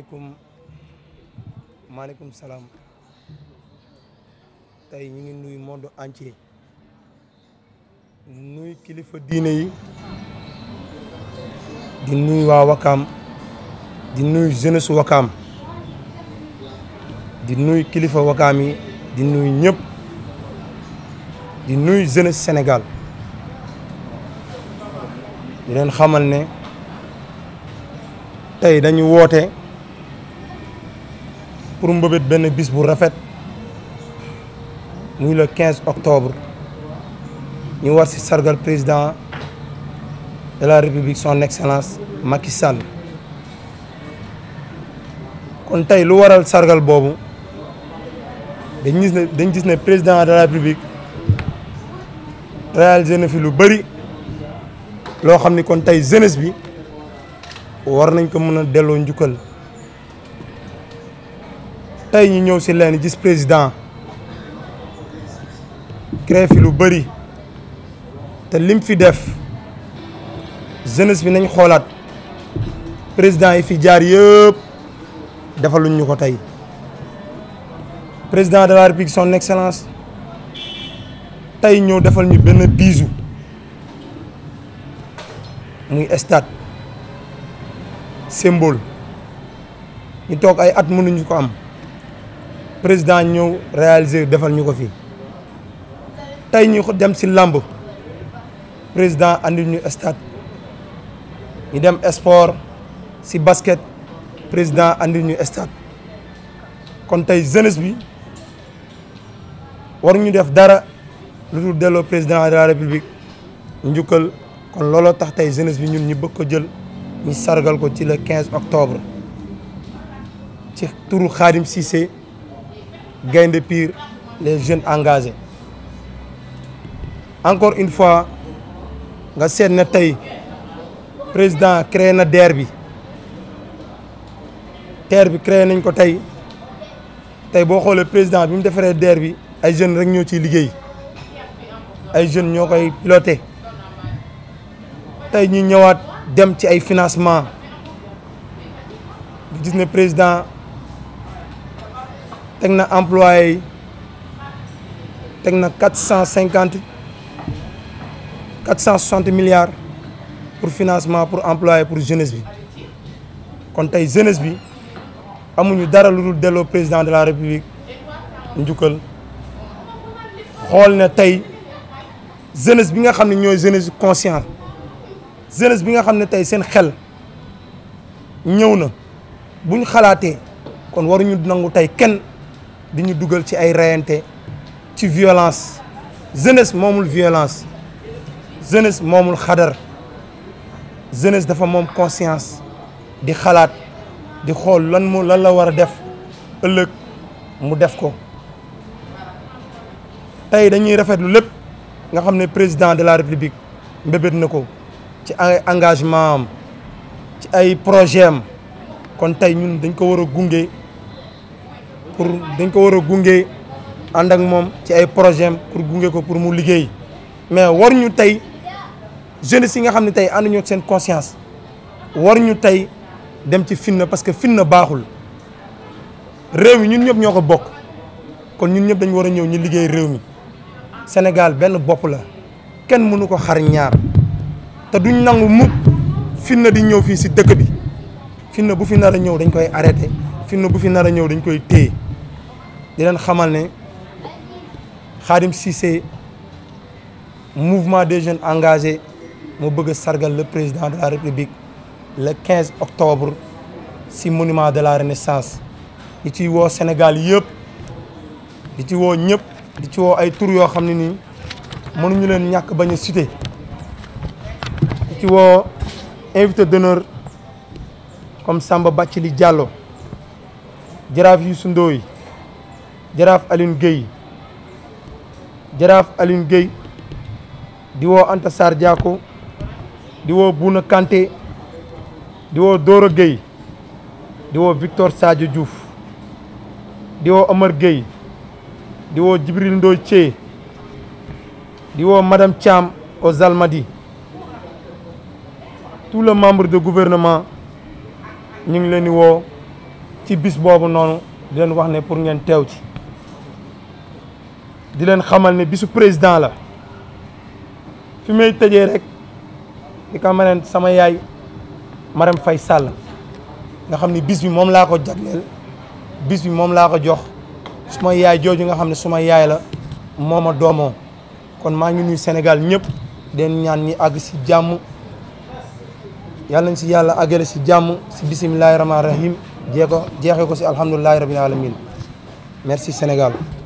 maaleykum maaleykum salaam tey ñu ngi kilifa diine yi di nuyu waa Wakaam di nuy jeunesse Wakaam di nuyu kilifa Wakaam di nuyu ñëpp di nuyu jeunesse Sénégal di leen xamal ne tey dañu woote. pour mbëbët benn bis bu rafet muy le 15 octobre ñu war si sargal président de la république son excellence Macky Sall kon tey lu waral sargal boobu dañ gis ne dañ gis ne président de la république réalisé na fi lu bëri loo xam ni kon tey jeunesse bi war nañ ko mën a delloo njukkal tey ñu ñëw si leen gis président créé fi lu bëri te lim fi def jeunesse bi nañ xoolaat président yi fi jaar yëpp defaluñu ko tey président de la république son excellence tey ñëw defal ñu benn bisu muy stade symbole ñu toog ay at munuñu ko am président ñëw réaliser defal ñu ko fii tey ñu dem si làmb président andi ñu stade ñu dem sport si basket président andi ñu stade kon tey jeunesse bi war ñu def dara lu dul delloo président de la république njukkal kon looloo tax tey jeunesse bi ñun ñu bëgg ko jël ñu sargal ko ci le 15 octobre ci turu Khadim Cissé Gaynde piir les jeunes engagé encore une fois nga seet na tey président créer na DER bi DER bi créé nañ ko tey tey boo xoolee président bi mu defaree DER bi ay jeunes rek ñoo ciy liggéey ay jeunes ñoo koy piloté tey ñu ñëwaat dem ci ay financement gis ne président teg na employé yi na quatre cent cinquante quatre cent soixante milliards pour financement pour employé pour jeunesse bi kon tey jeunesse bi amuñu dara lu dul delloo président de la république njukkal xool ne tey jeunesse bi nga xam ne ñooy jeunesse conscient jeunesse bi nga xam ne tey seen xel ñëw na buñ xalaatee kon waruñu nangu tey kenn di ñu dugal ci ay reyante ci violence jeunesse moomul violence jeunesse moomul xadar jeunesse dafa moom conscience di xalaat di xool lan mu lan la war a def ëllëg mu def ko tey dañuy rafetlu lépp nga xam ne président de la république mbébét na ko ci ay engagement am ci ay projet am kon tey ñun dañ ko war a gunge pour dañ ko war a gunge ànd ak moom ci ay projet pour gunge ko pour mu liggéey mais war ñu tey jeunesse yi nga xam ne tey ànd ñoo seen conscience war ñu tey dem ci fitna parce que fitna baaxul réew mi ñun ñëpp ñoo ko bokk kon ñun ñëpp dañ war a ñëw ñu liggéey réew mi Sénégal benn bopp la kenn mënu ko xar ñaar te duñ nangu mukk fitna di ñëw fii si dëkk bi fitna bu fi nar a ñëw dañ koy arrêté fitna bu fi nar a ñëw dañ koy téye di leen xamal ne Khadim Cissé mouvement des jeunes engagé moo bëgg sargal le président de la république le 15 octobre si monument de la renaissance di ci woo Sénégal yëpp di ci woo ñëpp di ci woo ay tur yoo xam ne nii mënuñu leen ñàkk bañ a cité di ci woo invité d'honneur comme Samba Bathily Diallo jaraaf Youssou Ndoye jaraaf alin Guèye jaraaf Alioune Guèye diwoo woo Anta Sarr Diako di woo Bouna Kanté di Victor Sadio Diouf diwoo woo Omar Guèye di woo Djibril Ndoye Thié di woo Madame Thiam aux Almadies tous les membres du gouvernement ñu ngi leen di woo ci bis boobu noonu di leen wax ne pour ngeen teew ci di leen xamal ne bisu président la fi may tëjee rek di ko ma leen sama yaay Marème fay sàll nga xam ni bis bi moom laa ko jagleel bis bi moom laa ko jox su ma yaay jooju nga xam ne suma yaay la moom a doomoo kon maa ngi nuyu Sénégal ñëpp den ñaan ñi àgg si jàmm yàlla nañ si yàlla àggale si jàmm si bisimilahi rahmaani rahim jee ko jeexee ko si alhamdulilahi rabil alamin merci Sénégal